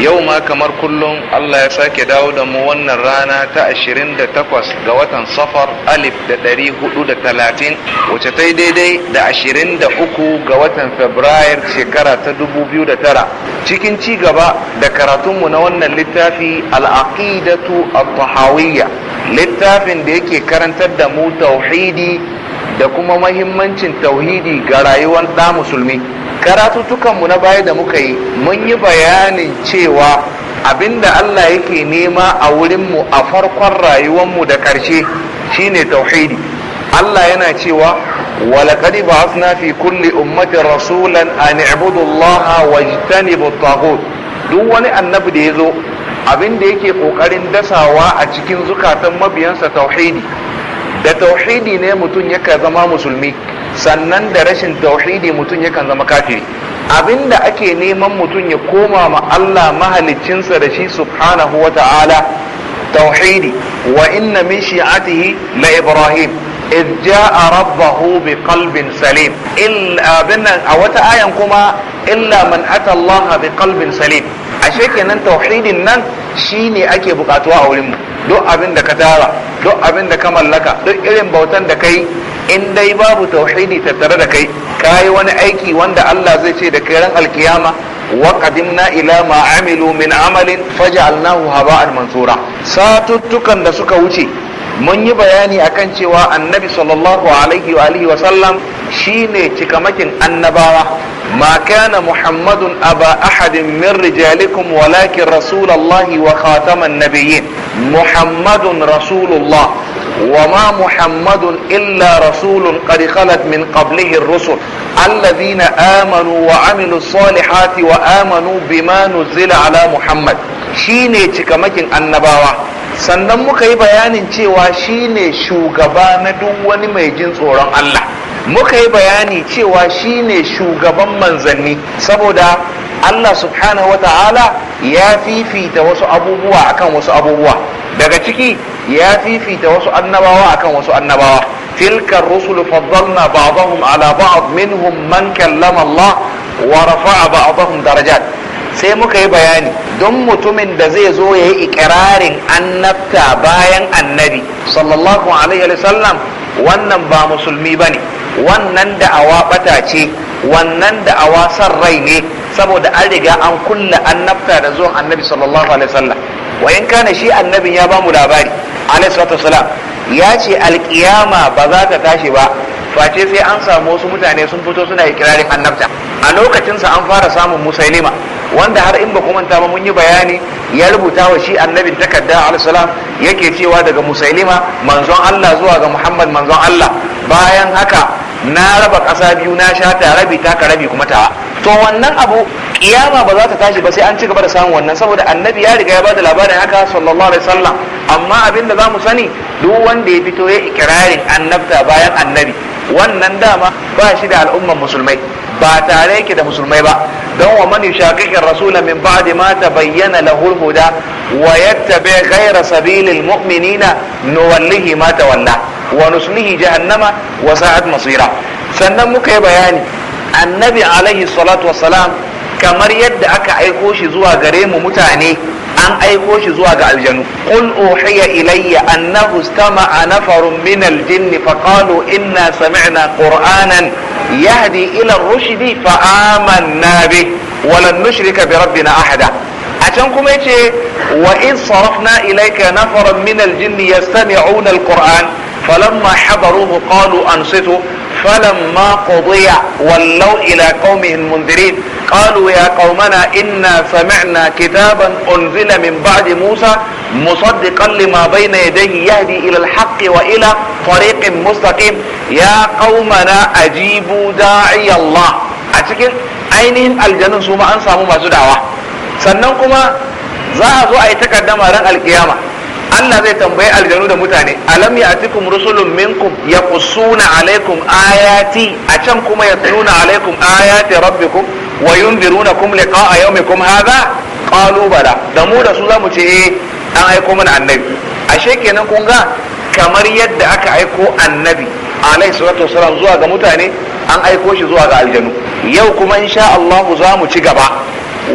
yau ma kamar kullum Allah ya sake dawo da mu wannan rana ta 28 ga watan safar alif da 430 wacce ta yi daidai da 23 ga watan fabrair shekara ta 2009 cikin ci gaba da karatunmu na wannan littafi al'aqidatu a tahawiyya littafin da yake karantar da mu tauhidi da kuma mahimmancin tauhidi ga rayuwar ɗa musulmi karatutukanmu na baya da muka yi mun yi bayanin cewa abinda Allah yake nema a wurinmu a farkon rayuwarmu da ƙarshe shine tauhidi Allah yana cewa walaƙad ba'athna fi kulli ummatin rasulan an i'budu Allah wajtanibu at duk wani annabi da yazo abinda yake kokarin dasawa a cikin zukatan mabiyansa tauhidi da tauhidi ne mutum yaka zama musulmi sannan da rashin tauhidi mutum yakan zama kafiri abinda ake neman mutum ya koma ma Allah mahaliccinsa da shi subhanahu wa ta'ala tauhidi wa inna min shi'atihi la ibrahim إذ جاء ربه بقلب سليم إلا بنا أو kuma illa إلا من أتى الله بقلب سليم ashe kenan tauhidin nan shine ake bukatuwa a wurin duk abin ka tara duk abinda ka mallaka duk irin bautan da kai in dai babu tauhidi tattare da kai kayi wani aiki wanda Allah zai ce da kiran alkiyama wa qadimna ila ma amilu min amalin faj'alnahu haba'an mansura satuttukan da suka wuce mun yi bayani akan cewa annabi sallallahu alaihi wa alihi wa sallam shine cikamakin annabawa ma kana muhammadun aba ahadin min rijalikum walakin rasulullahi wa khataman nabiyyin muhammadun rasulullah وما محمد إلا رسول قد خلت من قبله الرسل الذين آمنوا وعملوا الصالحات وآمنوا بما نزل على محمد شيني تكمكين النباوة sannan muka yi bayanin cewa shi ne shugaba na duk wani mai jin tsoron Allah muka yi bayani cewa shine shugaban manzanni saboda Allah subhanahu wa ta'ala ya fifita wasu abubuwa akan wasu abubuwa daga ciki ya fifita wasu annabawa akan wasu annabawa تلك الرسل فضلنا بعضهم على بعض منهم من كلم الله ورفع بعضهم درجات sai muka yi bayani don mutumin da zai zo ya yi ikirarin annabta bayan annabi sallallahu alaihi sallam wannan ba musulmi ba ne wannan awa bata ce wannan da awa san rai ne saboda an riga an kulle annabta da zuwan annabi sallallahu alaihi sallam wa kana shi annabin ya ba mu labari alaihi salatu ya ce alkiyama ba za ta tashi ba face sai an samu wasu mutane sun fito suna kirarin annabta a lokacinsa an fara samun musailima wanda har in ba manta ba mun yi bayani ya rubuta wa shi annabin takarda alisalam yake cewa daga musailima manzon Allah zuwa ga Muhammad manzon Allah bayan haka na raba ƙasa biyu na sha ta rabi ta rabi kuma ta to wannan abu kiyama ba za ta tashi ba sai an ci gaba da samun wannan saboda annabi ya riga ya bada labarin haka sallallahu alaihi wasallam amma abin da zamu sani duk wanda ya fito ya ikirarin annabta bayan annabi wannan dama ba shi da al'umman musulmai ba tare yake da musulmai ba don wa man yushaqiqir rasula min ba'di ma tabayyana bayyana al-huda wa yattabi ghayra sabilil mu'minina nuwallihi ma tawalla wa nuslihi jahannama wa sa'at masira sannan muka yi bayani annabi alaihi salatu wassalam kamar yadda aka aiko shi zuwa gare mu mutane an aiko shi zuwa ga aljanu qul uhiya ilayya annahu istama'a nafarun min aljinni faqalu inna sami'na qur'anan yahdi ila ar-rushdi fa amanna bih wa lan nushrika bi rabbina ahada a can kuma yace wa in sarafna ilayka nafaran min aljinni yastami'una al-qur'an falamma hadaruhu qalu ansitu فلما قضي ولوا إلى قومهم منذرين قالوا يا قومنا إنا سمعنا كتابا أنزل من بعد موسى مصدقا لما بين يديه يهدي إلى الحق وإلى طريق مستقيم يا قومنا أجيبوا داعي الله أتكن أينهم الجنة سوما أنسى ما سدعوا سننكما za a zo a yi takaddama ran alkiyama Allah zai tambayi aljanu da mutane alam ya'tikum rusulun minkum kusuna alaikum ayati a can kuma ya yatluna alaikum ayati rabbikum wa yunzirunakum liqa'a yawmikum hadha qalu bala da mu da su zamu ce eh an aiko mana annabi ashe kenan kun ga kamar yadda aka aiko annabi alaihi salatu wasalam zuwa ga mutane an aiko shi zuwa ga aljanu yau kuma insha Allah zamu ci gaba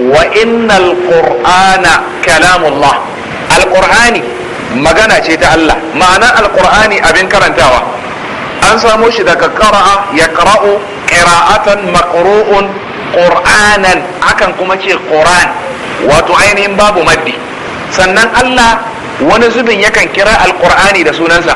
wa innal qur'ana kalamullah alqur'ani magana ce ta Allah ma'anar Alƙur'ani abin karantawa an samo shi daga qara'a ya qara'u qira'atan maqru'un ƙur'anan akan kuma ce ƙuran. wato ainihin babu maddi sannan Allah wani zubin yakan kira alqur'ani da sunansa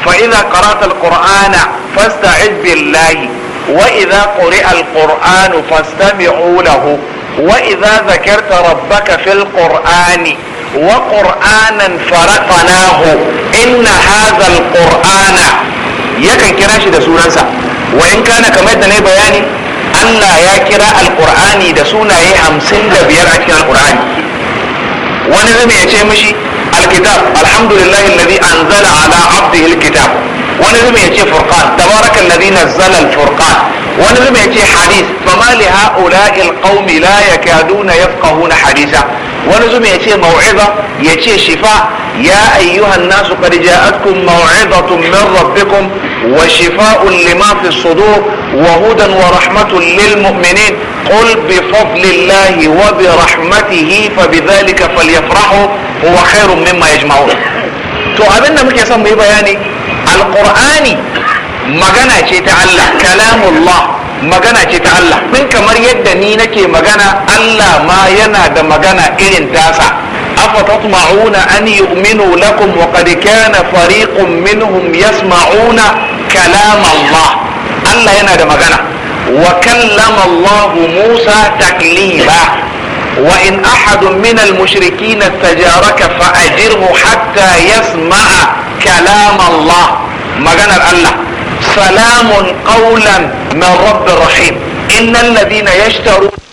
fa'iza idza qara'ta alqur'ana fasta'id billahi wa idza quri'a alqur'anu fastami'u lahu wa idza dhakarta rabbaka fil ƙur'ani. وقرآنا فرقناه إن هذا القرآن يكن كراشي da sunansa وإن كان da yadda bayani Allah ya kira alƙur'ani da sunaye hamsin da biyar a cikin alƙur'ani wani zama ya ce mishi alkitab alhamdulillahi alladhi anzala ala abdihi alkitab wani zubin ya ce furqan tabaraka alladhi nazzala al-furqan wani zubin ya ce hadith fama li ha'ula'i al-qaumi la yakaduna yafqahuna haditha wani zubin ya ce mau'iza ya ce shifa ya ayyuhan nasu qad ja'atkum mau'izatun min rabbikum wa shifa'un lima fi sudur wa hudan wa rahmatun lil mu'minin qul bi fadlillahi wa bi rahmatihi fa bidhalika falyafrahu huwa khairun mimma yajma'un to abin da muke son mu yi bayani القرآن magana ce ta كلام الله magana ce ta Allah sun kamar yadda ni ألا ما ينا ma yana da magana أفتطمعون أن يؤمنوا لكم وقد كان فريق منهم يسمعون كلام الله الله ينادى مغنى وكلم الله موسى تكليما وإن أحد من المشركين استجارك فأجره حتى يسمع كلام الله maganar Allah salamun qawlan min rabbir rahim innal ladina yashtaruna